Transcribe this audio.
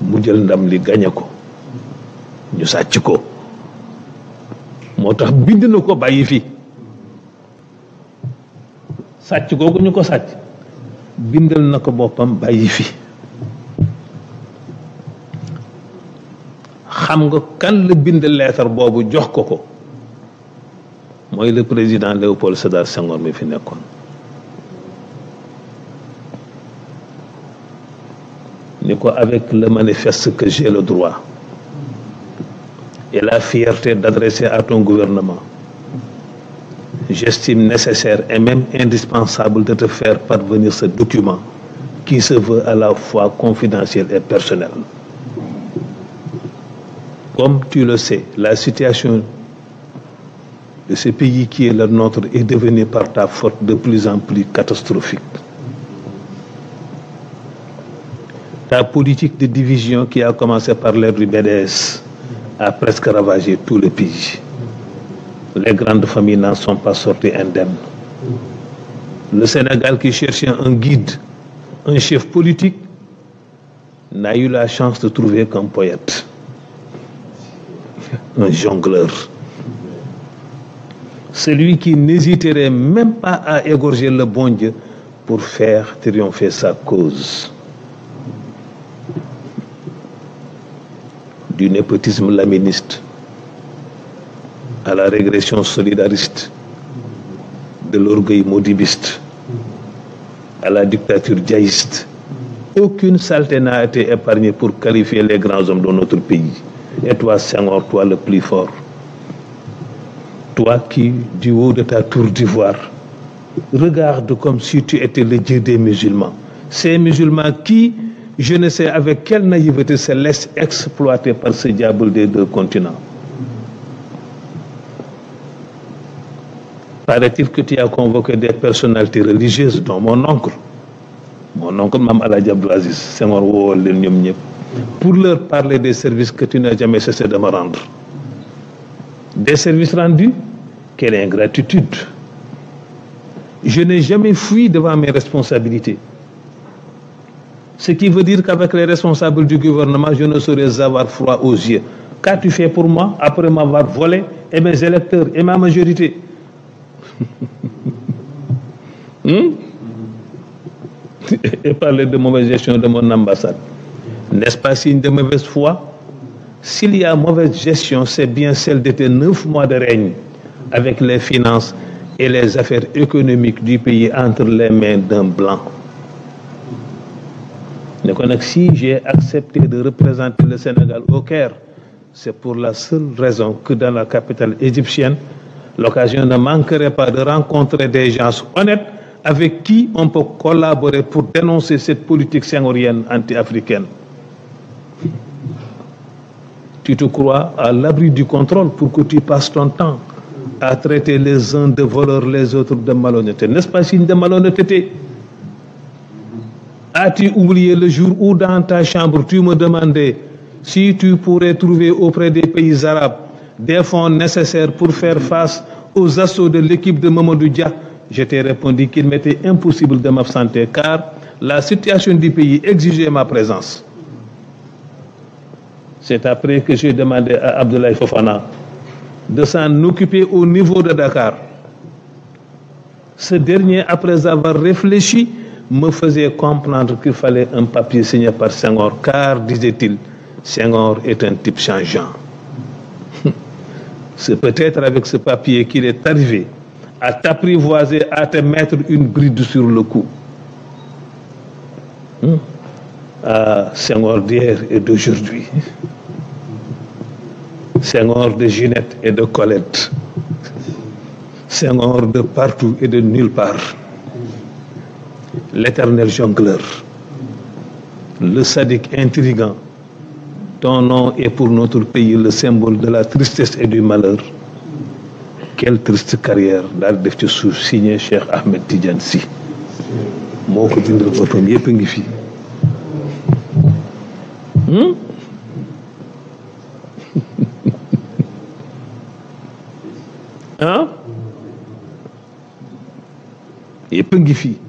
mu jël ndam li gañe ko ñu sàcc ko moo tax bind na ko bàyyi fi sàcc googu ñu ko sàcc bindal na ko boppam bàyyi fi xam nga kan la bind leetar boobu jox ko ko mooy le président Léopold Sédar Senghor mi fi nekkoon avec le manifeste que j'ai le droit et la fierté d'adresser à ton gouvernement. J'estime nécessaire et même indispensable de te faire parvenir ce document qui se veut à la fois confidentiel et personnel. Comme tu le sais, la situation de ce pays qui est le nôtre est devenue par ta faute de plus en plus catastrophique. la politique de division qui a commencé par les du a presque ravagé tout le pays. Les grandes familles n'en sont pas sorties indemnes. Le Sénégal qui cherchait un guide, un chef politique, n'a eu la chance de trouver qu'un poète, un jongleur. Celui qui n'hésiterait même pas à égorger le bon Dieu pour faire triompher sa cause. du népotisme laministe à la régression solidariste, de l'orgueil modibiste, à la dictature djaïste. Aucune saleté n'a été épargnée pour qualifier les grands hommes de notre pays. Et toi, c'est encore toi le plus fort, toi qui, du haut de ta tour d'ivoire, regarde comme si tu étais le Dieu des musulmans. Ces musulmans qui, je ne sais avec quelle naïveté se laisse exploiter par ce diable des deux continents. Paraît-il que tu as convoqué des personnalités religieuses, dont mon oncle, mon oncle Mam Aladji c'est mon pour leur parler des services que tu n'as jamais cessé de me rendre. Des services rendus Quelle ingratitude Je n'ai jamais fui devant mes responsabilités. Ce qui veut dire qu'avec les responsables du gouvernement, je ne saurais avoir froid aux yeux. Qu'as-tu fait pour moi après m'avoir volé et mes électeurs et ma majorité hmm? Et parler de mauvaise gestion de mon ambassade. N'est-ce pas signe de mauvaise foi S'il y a mauvaise gestion, c'est bien celle de tes neuf mois de règne avec les finances et les affaires économiques du pays entre les mains d'un blanc si j'ai accepté de représenter le Sénégal au Caire c'est pour la seule raison que dans la capitale égyptienne l'occasion ne manquerait pas de rencontrer des gens honnêtes avec qui on peut collaborer pour dénoncer cette politique sénorienne anti-africaine tu te crois à l'abri du contrôle pour que tu passes ton temps à traiter les uns de voleurs les autres de malhonnêteté. n'est-ce pas signe de malhonnêteté As-tu oublié le jour où dans ta chambre tu me demandais si tu pourrais trouver auprès des pays arabes des fonds nécessaires pour faire face aux assauts de l'équipe de Mamadou Dia Je t'ai répondu qu'il m'était impossible de m'absenter car la situation du pays exigeait ma présence. C'est après que j'ai demandé à Abdoulaye Fofana de s'en occuper au niveau de Dakar. Ce dernier, après avoir réfléchi, me faisait comprendre qu'il fallait un papier signé par Senghor, car, disait-il, Senghor est un type changeant. C'est peut-être avec ce papier qu'il est arrivé à t'apprivoiser, à te mettre une bride sur le cou. Hmm? Ah, saint À d'hier et d'aujourd'hui. Seigneur de Ginette et de Colette. Seigneur de partout et de nulle part l'éternel jongleur, le sadique intrigant, ton nom est pour notre pays le symbole de la tristesse et du malheur. Quelle triste carrière d'Al def signé Cheikh Ahmed Tidjansi Sy moo de hmm? Hein? il ngi ah